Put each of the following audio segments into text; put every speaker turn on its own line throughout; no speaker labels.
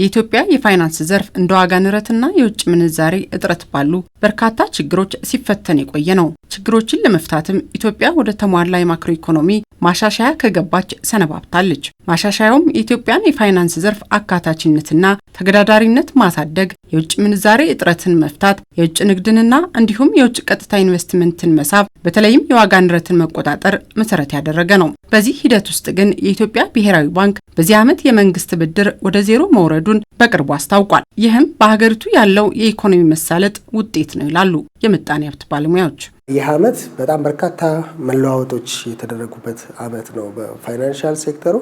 የኢትዮጵያ የፋይናንስ ዘርፍ እንደ ዋጋ ንረትና የውጭ ምንዛሬ እጥረት ባሉ በርካታ ችግሮች ሲፈተን የቆየ ነው። ችግሮችን ለመፍታትም ኢትዮጵያ ወደ ተሟላ የማክሮ ኢኮኖሚ ማሻሻያ ከገባች ሰነባብታለች። ማሻሻያውም የኢትዮጵያን የፋይናንስ ዘርፍ አካታችነትና ተገዳዳሪነት ማሳደግ፣ የውጭ ምንዛሬ እጥረትን መፍታት፣ የውጭ ንግድንና እንዲሁም የውጭ ቀጥታ ኢንቨስትመንትን መሳብ፣ በተለይም የዋጋ ንረትን መቆጣጠር መሰረት ያደረገ ነው። በዚህ ሂደት ውስጥ ግን የኢትዮጵያ ብሔራዊ ባንክ በዚህ ዓመት የመንግስት ብድር ወደ ዜሮ መውረዱን በቅርቡ አስታውቋል። ይህም በሀገሪቱ ያለው የኢኮኖሚ መሳለጥ ውጤት ነው ይላሉ የምጣኔ ሀብት ባለሙያዎች።
ይህ አመት በጣም በርካታ መለዋወጦች የተደረጉበት አመት ነው። በፋይናንሻል ሴክተሩ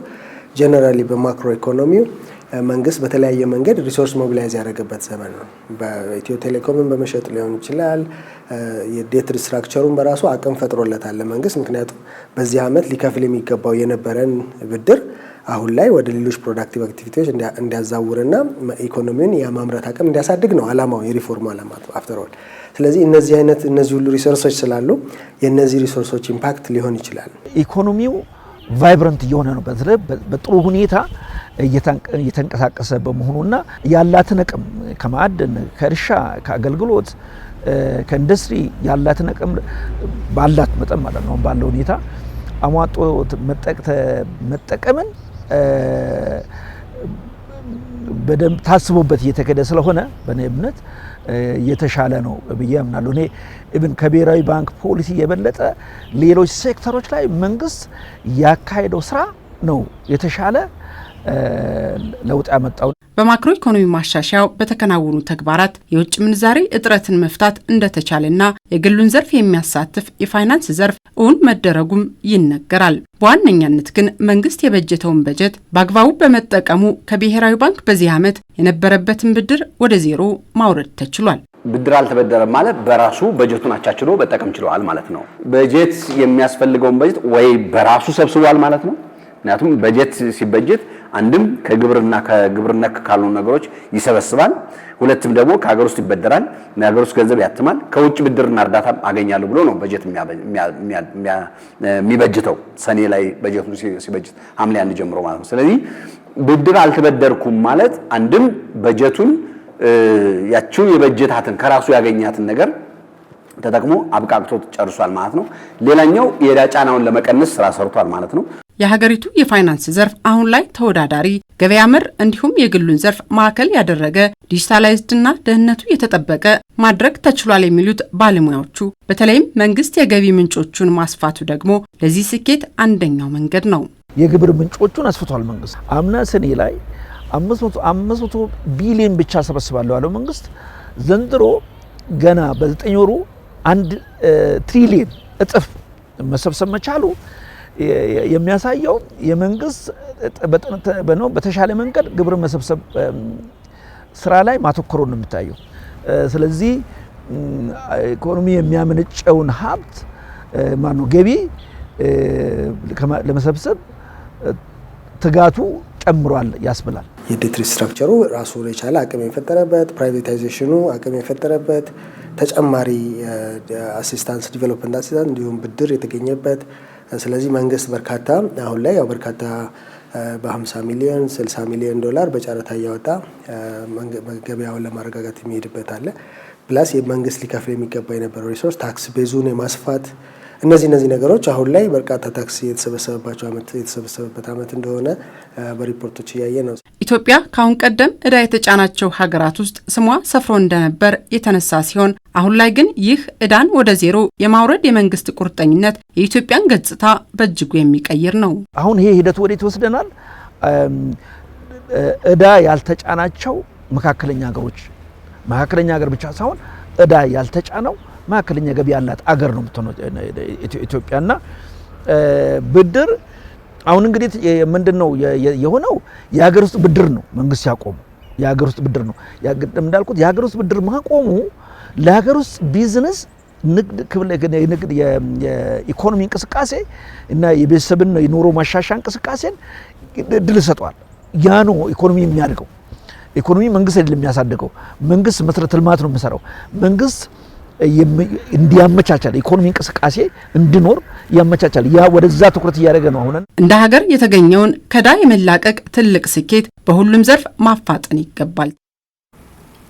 ጀነራሊ በማክሮ ኢኮኖሚው መንግስት በተለያየ መንገድ ሪሶርስ ሞቢላይዝ ያደረገበት ዘመን ነው። በኢትዮ ቴሌኮምን በመሸጥ ሊሆን ይችላል። የዴት ሪስትራክቸሩን በራሱ አቅም ፈጥሮለታል ለመንግስት። ምክንያቱም በዚህ አመት ሊከፍል የሚገባው የነበረን ብድር አሁን ላይ ወደ ሌሎች ፕሮዳክቲቭ አክቲቪቲዎች እንዲያዛውርና ኢኮኖሚውን የማምረት አቅም እንዲያሳድግ ነው አላማው፣ የሪፎርሙ አላማ አፍተሮል። ስለዚህ እነዚህ አይነት እነዚህ ሁሉ ሪሶርሶች ስላሉ የእነዚህ ሪሶርሶች ኢምፓክት ሊሆን ይችላል።
ኢኮኖሚው ቫይብረንት እየሆነ ነው፣ በጥሩ ሁኔታ እየተንቀሳቀሰ በመሆኑና ያላትን አቅም ከማዕድን፣ ከእርሻ፣ ከአገልግሎት ከኢንዱስትሪ ያላትን አቅም ባላት መጠን ማለት ነው ባለው ሁኔታ አሟጦ መጠቀምን በደንብ ታስቦበት እየተከደ ስለሆነ በእኔ እምነት የተሻለ ነው ብዬ አምናለሁ። እኔ እብን ከብሔራዊ ባንክ ፖሊሲ የበለጠ ሌሎች ሴክተሮች ላይ መንግስት ያካሄደው ስራ ነው የተሻለ ለውጥ ያመጣው።
በማክሮ ኢኮኖሚ ማሻሻያው በተከናወኑ ተግባራት የውጭ ምንዛሬ እጥረትን መፍታት እንደተቻለና የግሉን ዘርፍ የሚያሳትፍ የፋይናንስ ዘርፍ እውን መደረጉም ይነገራል። በዋነኛነት ግን መንግስት የበጀተውን በጀት በአግባቡ በመጠቀሙ ከብሔራዊ ባንክ በዚህ ዓመት የነበረበትን ብድር ወደ ዜሮ ማውረድ ተችሏል።
ብድር አልተበደረም ማለት በራሱ በጀቱን አቻችሎ መጠቀም ችለዋል ማለት ነው። በጀት የሚያስፈልገውን በጀት ወይ በራሱ ሰብስቧል ማለት ነው ምክንያቱም በጀት ሲበጀት አንድም ከግብርና ከግብርና ካሉ ነገሮች ይሰበስባል፣ ሁለትም ደግሞ ከሀገር ውስጥ ይበደራል፣ የሀገር ውስጥ ገንዘብ ያትማል፣ ከውጭ ብድርና እርዳታ አገኛለሁ ብሎ ነው በጀት የሚበጅተው። ሰኔ ላይ በጀቱ ሲበጅት ሐምሌ አንድ ጀምሮ ማለት ነው። ስለዚህ ብድር አልተበደርኩም ማለት አንድም በጀቱን ያችው የበጀታትን ከራሱ ያገኛትን ነገር ተጠቅሞ አብቃቅቶ ጨርሷል ማለት ነው። ሌላኛው የዕዳ ጫናውን ለመቀነስ ስራ ሰርቷል ማለት ነው።
የሀገሪቱ የፋይናንስ ዘርፍ አሁን ላይ ተወዳዳሪ ገበያ መር እንዲሁም የግሉን ዘርፍ ማዕከል ያደረገ ዲጂታላይዝድና ደህንነቱ የተጠበቀ ማድረግ ተችሏል የሚሉት ባለሙያዎቹ፣ በተለይም መንግስት የገቢ ምንጮቹን ማስፋቱ ደግሞ ለዚህ ስኬት አንደኛው መንገድ ነው።
የግብር ምንጮቹን አስፍቷል መንግስት። አምና ሰኔ ላይ አምስት ቢሊዮን ብቻ ሰበስባለሁ ያለው መንግስት ዘንድሮ ገና በዘጠኝ ወሩ አንድ ትሪሊየን እጥፍ መሰብሰብ መቻሉ የሚያሳየው የመንግስት በተሻለ መንገድ ግብር መሰብሰብ ስራ ላይ ማተኮሩ ነው የሚታየው። ስለዚህ ኢኮኖሚ የሚያመነጨውን ሀብት ማኑ ገቢ ለመሰብሰብ ትጋቱ ጨምሯል ያስብላል። የዴት ሪስትራክቸሩ ራሱን የቻለ አቅም የፈጠረበት፣ ፕራይቬታይዜሽኑ አቅም የፈጠረበት፣ ተጨማሪ አሲስታንስ ዲቨሎፕመንት አሲስታንስ እንዲሁም ብድር የተገኘበት ስለዚህ መንግስት በርካታ አሁን ላይ ያው በርካታ በ50 ሚሊዮን 60 ሚሊዮን ዶላር በጨረታ እያወጣ ገበያውን ለማረጋጋት የሚሄድበት አለ። ፕላስ የመንግስት ሊከፍል የሚገባ የነበረው ሪሶርስ ታክስ ቤዙን የማስፋት እነዚህ እነዚህ ነገሮች አሁን ላይ በርካታ ታክስ የተሰበሰበባቸው የተሰበሰበበት አመት እንደሆነ በሪፖርቶች እያየ ነው። ኢትዮጵያ ከአሁን ቀደም ዕዳ የተጫናቸው ሀገራት ውስጥ ስሟ ሰፍሮ እንደነበር የተነሳ ሲሆን አሁን ላይ ግን ይህ ዕዳን ወደ ዜሮ የማውረድ የመንግስት ቁርጠኝነት የኢትዮጵያን ገጽታ በእጅጉ የሚቀይር ነው። አሁን ይሄ ሂደት ወዴት ይወስደናል? ዕዳ ያልተጫናቸው መካከለኛ ሀገሮች፣ መካከለኛ ሀገር ብቻ ሳይሆን ዕዳ ያልተጫነው መካከለኛ ገቢ ያላት አገር ነው ኢትዮጵያና ብድር አሁን እንግዲህ ምንድን ነው የሆነው? የሀገር ውስጥ ብድር ነው መንግስት ያቆሙ። የሀገር ውስጥ ብድር ነው እንዳልኩት፣ የሀገር ውስጥ ብድር ማቆሙ ለሀገር ውስጥ ቢዝነስ ንግድ የኢኮኖሚ እንቅስቃሴ እና የቤተሰብን የኑሮ ማሻሻ እንቅስቃሴን እድል ሰጧል ያ ነው ኢኮኖሚ የሚያድገው። ኢኮኖሚ መንግስት አይደለም የሚያሳድገው። መንግስት መሰረተ ልማት ነው የሚሰራው መንግስት እንዲያመቻቻል ኢኮኖሚ እንቅስቃሴ እንዲኖር ያመቻቻል። ያ ወደዛ ትኩረት እያደረገ ነው። አሁን እንደ ሀገር የተገኘውን ከዳ የመላቀቅ ትልቅ ስኬት በሁሉም ዘርፍ ማፋጠን ይገባል።